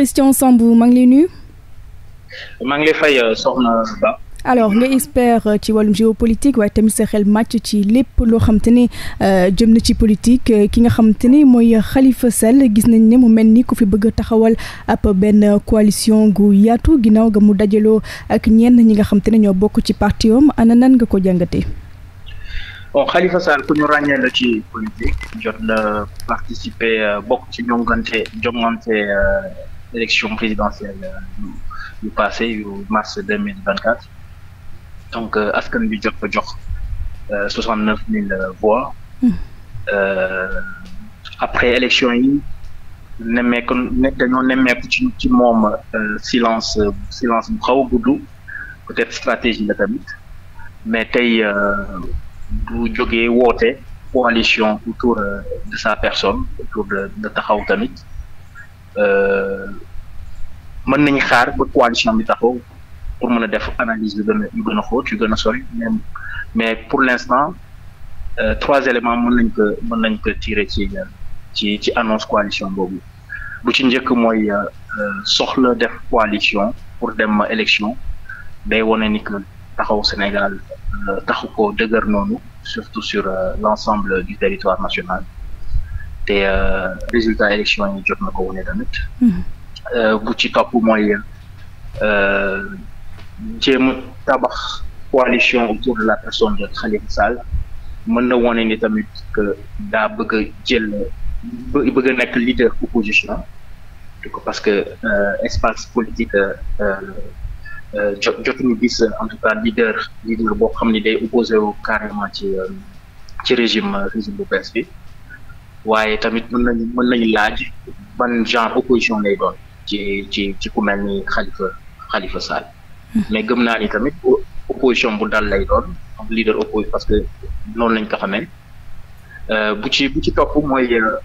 Christian Sambou maa ngi lay nuyu. maa ngi euh, alors nga euh, ci wàllum géopolitique waaye tamit sa xel màcc ci lépp loo xam te ne euh, jëm na ci politique ki nga xam te ne mooy xalifa Sall gis nañ ne mu mel ni ku fi bëgg a taxawal ab benn coalition gu yaatu ginnaaw ga mu dajaloo ak ñenn ñi nga xam te ne ñoo bokk ci parti am ana nan nga ko jàngatee. bokk ci jongante jongante. élection présidentielle yu euh, passé yu mars deux mille vingt quatre donc euh, askan bi jot ko jox euh, soixante neuf mille voix. Hmm. après élection yi nemmeeku ne ci ci moom silence silence bu xaw a peut-être stratégie la tamit mais tey bu jógee woote coalition autour de sa personne autour de taxaw tamit. Euh, mën nañu xaar ba coalition bi taxaw pour mën a def analyse yu gën a yu gën xóot yu gën a sori mais mais pour l'instant euh, trois éléments mën nañ ko mën nañ ko tirer ci ci ci annonce coalition boobu bu ci njëkk mooy euh, soxla def coalition pour dem élection day wone ni que taxaw Sénégal taxu ko dëgër noonu surtout sur l'ensemble du territoire national te résultat élection er yi jot na ko wane tamit. bu mhm. øh, ci topp mooy øh, jéem tabax coalition autour de la personne de Khalifa Sall mën na wane ni tamit que daa bëgg a jël bëgg a nekk leader opposition parce que euh, espace politique euh, euh, jot jotuñu gis en tout cas leader leader boo xam ni day opposé wu carrément ci ci régime régime bu bees bi. waaye tamit mën nañu mën nañu laaj ban genre opposition lay doon ci ci ci ku mel ni Khalifa xalifa Sall. Hmm. mais gëm naa ni tamit opposition bu dal lay doon leader opposition parce que noonu lañ ko xamee euh, bu ci bu ci topp mooy euh,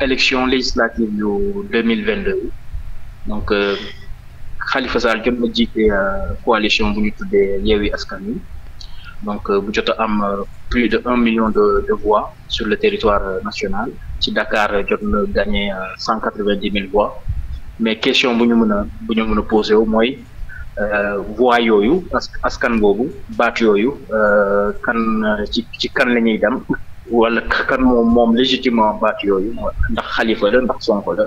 élection législative yu deux mille vingt deux donc xalifa euh, Sall jot na jiite coalition bu ñu tuddee Yewwi Askan Wi. donc euh, bu jot a am euh, plus de un million de de voix sur le territoire euh, national ci Dakar jot na gagné cent quatre vingt dix mille voix mais question bu ñu mën a bu ñu mën a posé wu mooy voix yooyu askan boobu baat yooyu kan ci ci kan la ñuy dem wala kan moom moom légitimement baat yooyu ndax Khalifa la ndax Sonko la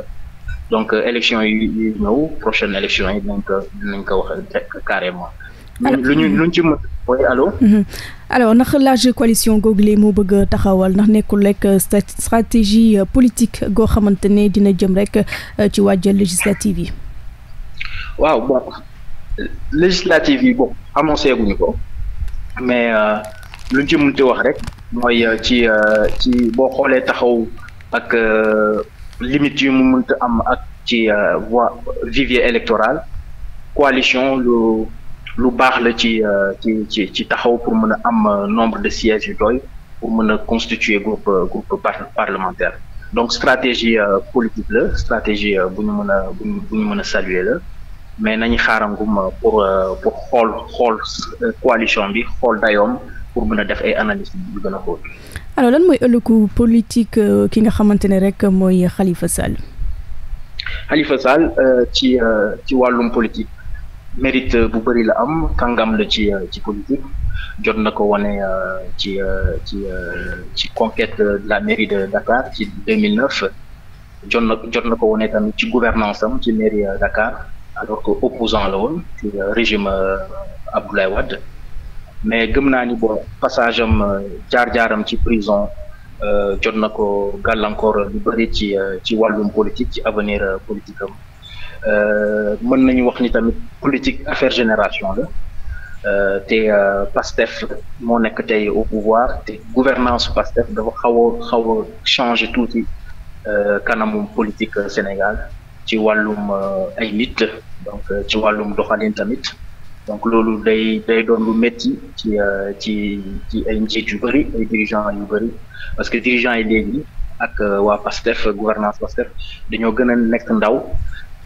donc élection yi ñëw prochaine élection yi dinañ ko dinañ ko wax carrément. lu ñu lu ñu ci mën oui allo. Mhm. alors ndax large coalition googu moo bëgg taxawal ndax nekkul rek euh, stratégie euh, politique goo xamante ne dina jëm rek euh, ci wàjjal législative yi. waaw bon législative yi bon annoncé guñu ko mais lu ci mënti wax rek mooy ci ci boo xoolee taxaw ak limite yu mu mënta am ak ci voie vivier électoral coalition lu baax la ci euh, ci ci ci taxaw pour mën a am euh, nombre de sièges yu doy pour mën a constituer groupe euh, groupe parlementaire donc stratégie politique la stratégie bu mën a bu ñu mën a saluer la mais nañu xaarangum pour pour xool xool coalition bi xool dayoom pour mën a def ay analyses yu gën a xóot. alors lan mooy ëllëgu politique ki nga xamante ne rek mooy Khalifa Sall. Khalifa Sall ci ci wàllum politique. mérite bu bëri la am kangam la ci euh, ci politique jot na ko wane euh, ci euh, ci ci conquête de la mairie de Dakar ci 2009 jot na jot na ko wane tamit ci gouvernance am ci mairie Dakar alors que opposant la woon ci régime Abdoulaye Wade mais gëm naa ni bon passage am jaar-jaaram ci prison jot na ko gàllankoor lu bëri ci ci wàllum politique ci avenir politique Euh, mën nañu wax ni tamit politique affaire génération la euh, te euh, PASTEF moo nekk tey au pouvoir te gouvernance PASTEF dafa xaw a xaw a changé tuuti kanamu politique Sénégal ci wàllum ay nit donc ci wàllum doxalin tamit donc loolu day day doon lu métti ci ci ci ay njiit yu bëri ay dirigeants yu bëri parce que dirigeants yi léegi ak waa PASTEF gouvernance PASTEF dañoo gën a nekk ndaw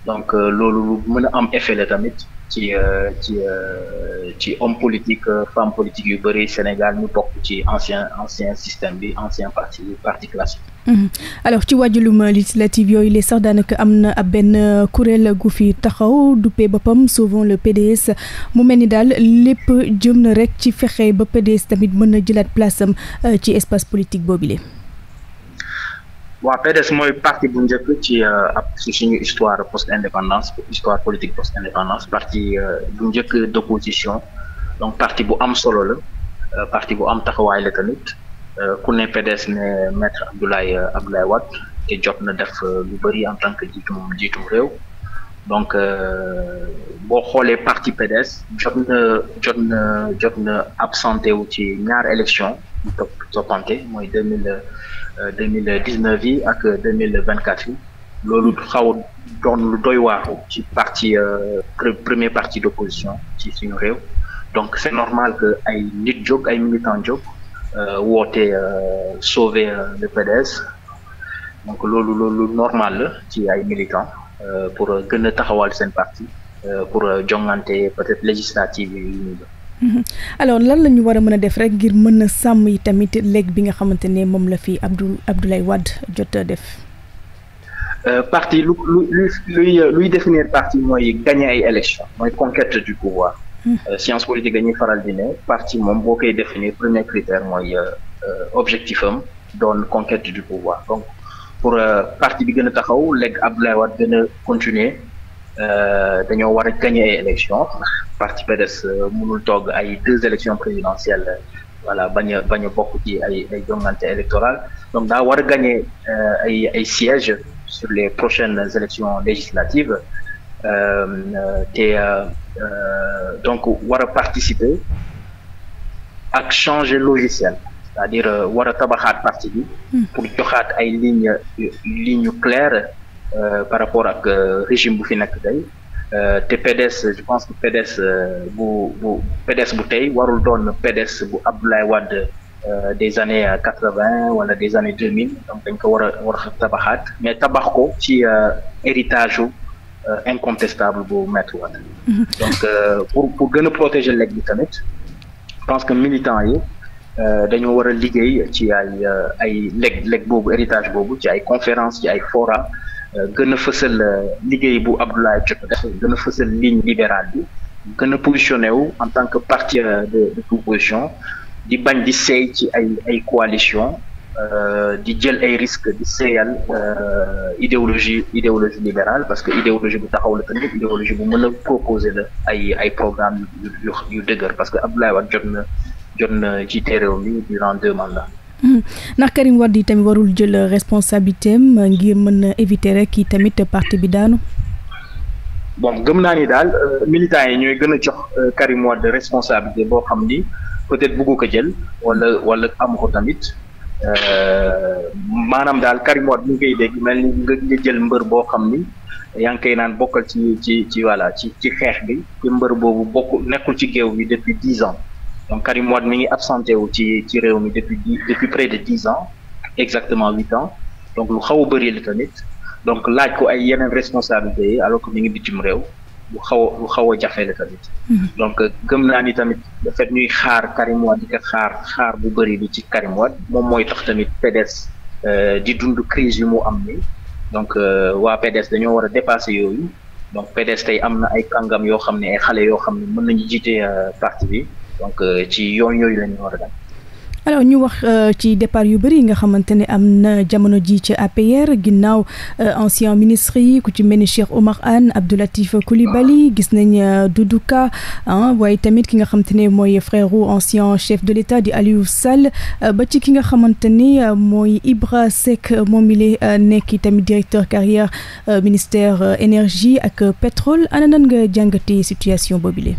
donc euh, loolu lu mën a am effet la tamit ci euh, ci euh, ci homme politique femme politique yu bëri Sénégal ñu bokk ci ancien ancien système bi ancien parti parti classique. Mhm. alors ci wàjjulum législative yooyu les sax daanaka am na ab benn kuréel gu fi taxaw duppee boppam souvent le PDS mu mel ni daal lépp jëm na rek ci fexe ba PDS tamit mën na jëlaat place am ci espace politique boobile. waa PDS mooy partie bu njëkk ci euh, ab suñu histoire post indépendance histoire politique post indépendance parti euh, bu njëkk d'opposition donc parti bu am solo la euh, parti bu am taxawaay la tamit ku ne PDS ne maître Abdoulaye Abdoulaye Wade te jot na def lu bëri en tant que jiitum jiitum réew donc boo xoolee parti PDS jot na jot na jot na absenté wu ci ñaar élection topp mooy deux Euh, deux mille dix neuf yi ak euh, deux mille vingt quatre yi loolu xaw doon lu doy waaxu ci parti euh, premier parti d'opposition ci suñu réew donc c'est normal que ay nit jóg ay militant jóg woote sauver le PDS donc loolu loolu normal la ci ay militant pour gën a taxawal seen parti pour jongante peut-être législative yi ñu Mhm. alors lan la ñu war a mën a def rek ngir mën a sàmm yi tamit léeg bi nga xamante ne moom la fi Abdou Abdoulaye Wade jot a def. Euh, parti lu lu luy luy définir parti mooy gagner ay élection mooy conquête du pouvoir. Hmm. Euh, science politique ñuy faral di ne parti moom boo koy définir premier critère mooy euh, objectif am doon conquête du pouvoir donc pour parti bi gën a taxaw léegi Abdoulaye Wade gën a continuer. Euh, dañoo war a gagner ay élections parti PDS euh, mënul toog ay deux élections présidentielles euh, voilà bañ a bokk ci ay ay jongante donc daa war a gagner ay ay sièges sur les prochaines élections législatives te donc war a participer ak changer logiciel c'est-à-dire war a tabaxaat parti bi hmm. pour joxaat ay lignes lignes claires Euh, par rapport ak euh, régime bu fi nekk tey euh, te PDS je pense que PDS bu bu PDS bu tey warul doon PDS bu Abdoulaye Wade des années quatre vingt wala des années deux mille donc dañ ko war a war tabaxaat mais tabax ko ci héritage u incontestable bu Maître Wade mhm. donc pour pour gën a protéger legs bi tamit je pense que militants yi dañoo war a liggéey ci ay ay leg leg boobu héritage boobu ci ay conférences ci ay fora gën a fësal euh, liggéey bu Abdoulaye Diop gën a fësal ligne libérale bi gën a positionné wu en tant que parti euh, de di bañ di seey ci ay ay coalition euh, di jël ay risques di seeyal idéologie idéologie libérale parce que idéologie bu taxaw la tamit idéologie bu mën a la ay dëgër parce que Abdoulaye Wade jot na jot na ci réew mi durant deux mandats Hmm. ndax Karim Wade yi tamit warul jël responsabilité ngir mën na éviter rek yi tamit parti bi daanu. bon gëm naa ni daal euh, militants yi ñooy gën a jox euh, Karim Wade responsabilité boo xam ni peut-être bëggu ko jël wala wala amu ko tamit euh, maanaam daal Karim Wade bu dégg mel ni nga jël mbër boo xam ni. yaa ngi koy naan bokkal ci ci ci voilà ci ci xeex bi te mbër boobu bokk nekkul ci géew bi depuis dix ans donc Karim Wade mi ngi absenté wu ci ci réew mi depuis depuis près de dix ans exactement huit ans donc lu xaw a bëri la tamit donc laaj ko ay yeneen responsabilités yi alors que mi ngi bitim réew lu xaw a lu xaw a jafe la tamit. Mhm. donc gëm naa ni tamit le fait ñuy xaar Karim Wade xaar xaar bu bëri bi ci Karim moom mooy tax tamit PDS euh, di dund crise yu mu am ni donc euh, waa PDS dañoo war a dépasser yooyu donc PDS tey am na ay kàngam yoo xam ne ay xale yoo xam ne mën nañu jiite euh, parti bi. donc euh, ci yoon yooyu la ñu war a wax euh, ci départ yu bëri nga xamante ne am na jamono ji ci APR ginnaaw euh, ancien ministre yi ku ci mel ni Cheikh Oumar Anne Abdou Latif Coulibaly ah. gis nañ Doudou Ka waaye tamit ki nga xamante ne mooy frèreu ancien chef de l'État di Aliou Sall ba ci ki nga xamante ni mooy Ibra Seck moom mi nekk tamit directeur carrière ministère énergie ak pétrole ana nan nga jàngatee situation boobile.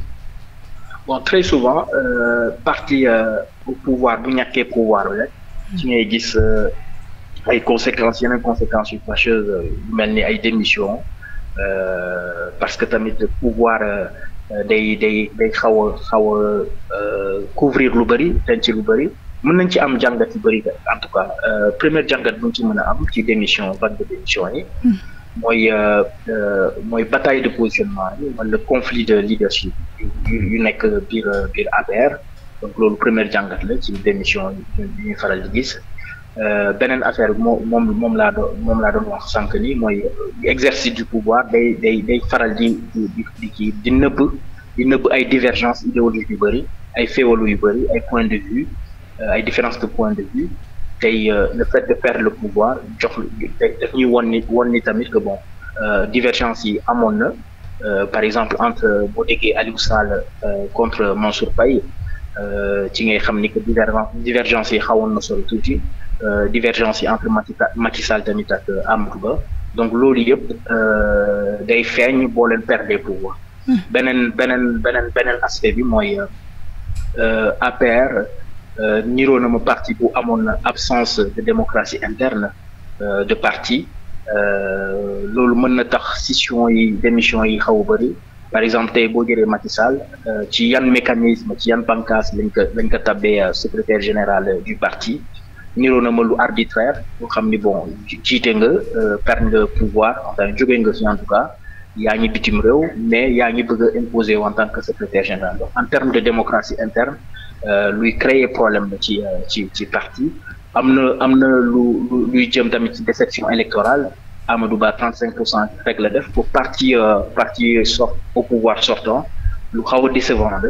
bon très souvent euh, parti euh, au pouvoir bu ñàkkee pouvoir bi rek ci ngay gis euh, ay conséquences yeneen conséquences yu fâcheuses mel ni ay démission parce que tamit pouvoir day day day xaw a xaw a couvrir lu bëri ci lu bëri mën nañ ci am jàngat yu bëri en tout cas première jàngat bu ñu ci mën a am ci démission vague de démission yi hmm. mooy mooy bataille de positionnement yi wala conflit de leadership yu yu nekk biir biir APR donc loolu première jàngat la ci démission bi ñuy faral di gis euh, beneen affaire bi moo moom moom laa doon moom laa doon wax sànq nii mooy exercice du pouvoir day day day faral di di di di nëbb di nëbb ay divergence idéologique yu bëri ay féewalu yu bëri ay point de vue euh, ay différence de point de vue tey euh, le fait de perdre le pouvoir jox daf ñuy won ni ni tamit que bon divergence yi amoon na Euh, par exemple entre euh, boo déggee Aliou Sall euh, contre Mansour Faye ci ngay xam ni que divergence yi xawoon na solo tuuti divergence yi entre Macky Sall tamit ak Amadou Ba donc loolu yëpp day feeñ boo leen perdre pouvoir hmm. beneen beneen beneen aspect bi mooy APR niroo na ma parti bu amoon absence de démocratie interne de parti Euh, loolu mën na tax sission yi démission yi xaw a bëri par exemple tey boo jëlee Macky euh, ci yan mécanisme ci yan bànqaas lañ ko lañ ko tabbee euh, secrétaire général du parti niroo na ma lu arbitraire boo xam ni bon jiite nga perdre nga pouvoir en tant jógee nga fi en tout cas yaa réew mais yaa ngi bëgg a imposer en tant que secrétaire général donc en terme de démocratie interne luy créer problème ci ci ci parti am na am na lu luy jëm tamit ci déception électorale Amadou Ba 35 pour cent rek la def pour parti euh, parti sort au pouvoir sortant lu xaw a décevant la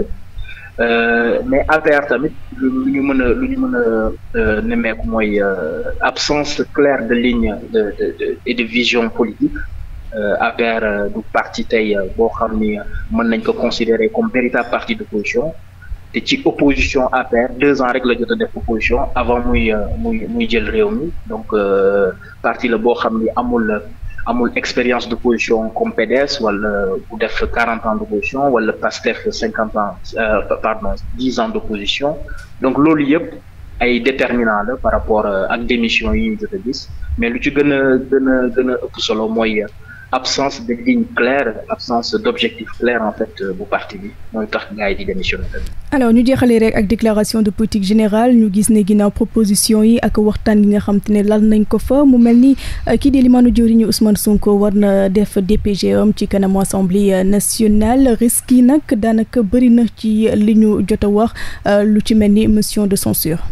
euh, mais affaire tamit lu ñu mën a lu ñu mën a euh, nemmeeku mooy absence claire de ligne de de et de vision politique affaire du parti tey boo xam ni mën nañ ko considérer comme véritable parti d'opposition te ci opposition APR deux ans rek la jot def opposition avant muy euh, muy muy jël réew donc euh, parti la boo xam ni amul amul expérience d' opposition comme PDS wala bu def quarante ans d' opposition wala PASTEF cinquante ans euh, pardon dix ans d' opposition donc loolu yëpp ay déterminant la par rapport ak démission yi ñu jot gis mais lu ci gën a gën a gën a ëpp solo mooy. absence de ligne claire absence d' objectif en fait euh, bu parti bi mooy tax gars yi di démissionné alors ñu jeexalee rek ak déclaration de politique générale ñu gis ne ginnaaw proposition yi ak waxtaan yi nga xam ne lal nañ ko fa mu mel ni euh, kii di limaanu jëwriñu Ousmane Sonko war na def DPG am ci kanamu assemblée euh, nationale risques yi nag daanaka bëri na ci li ñu jot a wax lu ci mel ni mission de censure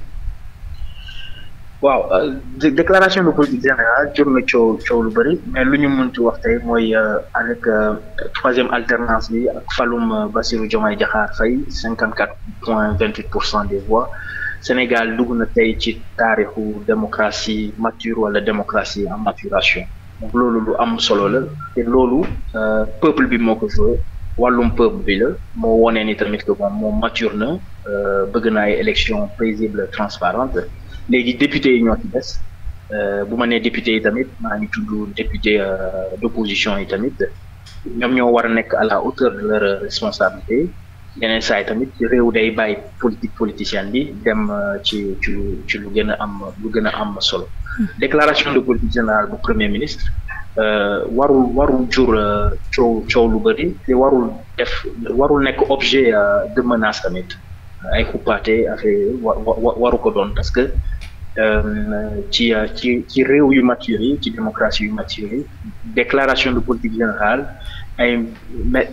waaw euh, déclaration de politique générale jur na coow coow lu bëri mais lu ñu mënti wax tey mooy euh, avec euh, troisième alternance bi ak falum Bassirou Diomaye Diakhar Faye cinquante quatre point vingt huit pour des voix Sénégal dugg na tey ci taarixu démocratie mature wala démocratie en maturation donc loolu lu am solo la te loolu peuple bi moo ko joué wàllum peuple bi la moo wonee ni tamit que moom moom mature na bëgg na ay élection paisible transparente léegi député yi ñoo ci des euh, bu ma nee député yi tamit maa ngi tudd député euh, d' opposition yi tamit ñoom ñoo war a nekk à la hauteur de leur responsabilité yeneen saa yi tamit réew day bàyyi politique politicienne bi dem euh, ci ci ci lu gën a am lu gën a am solo. Hmm. déclaration de politique générale bu premier ministre warul warul jur coow coow lu bëri te warul def warul nekk objet de menace tamit ay xuppaate affaire waru ko doon parce que. ci ci ci réew yu mature yi ci démocratie yu mature déclaration de politique générale ay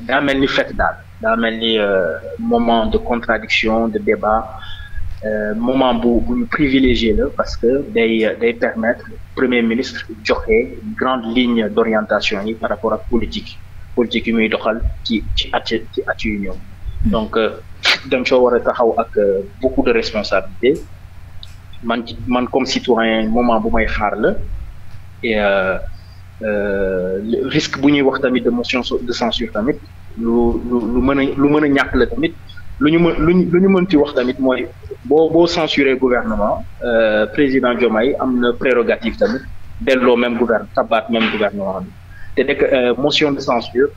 daa mel ni fête daal daa mel ni euh, moment de contradiction de débat euh, moment bu bu ñu privilégié la parce que day day permettre premier ministre joxe grande ligne d'orientation yi par rapport ak politique politique yi muy doxal ci ci at ci at yu ñëw hmm. donc euh, dañ soo war a taxaw ak beaucoup de responsabilités man ci man comme citoyen moment bu may xaar la et euh, euh, risque bu ñuy wax tamit de motion de censure tamit lu lu lu mën a lu mën a ñàkk la tamit lu ñu mën lu ñu mën ci wax tamit mooy boo boo censurer gouvernement euh, président Diomaye am na prérogative tamit delloo même gouvernement tabaat même gouvernement bi te dekk motion de censure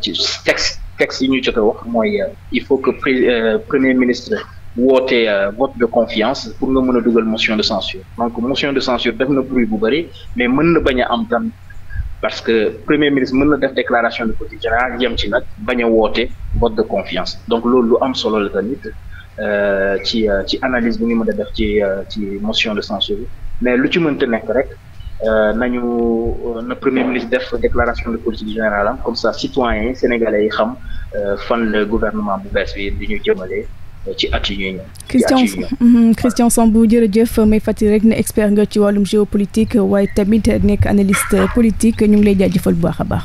ci texte texte yi ñu jot wax mooy il faut que premier ministre wootee euh, vote de confiance pour nga mën a dugal motion de censure donc motion de censure def na bruit bu bëri mais mën na bañ a am tam parce que premier ministre mën na def déclaration de politique générale yem ci nag bañ a woote vote de confiance donc loolu lu am solo la tamit euh, ci euh, ci analyse bi ñu mën a def ci ci motion de censure bi mais lu ci mënta nekk rek nañu na premier ministre def déclaration de politique générale am comme ça citoyens sénégalais yi xam fan le gouvernement bu bees bi di ñu jëmalee ci at yi ñuy ñëw. Christian mhm, Christian jërëjëf may fàttali rek ne expert nga ci wàllum géopolitique waaye tamit nekk analyste politique ñu ngi lay jaajëfal bu baax a baax.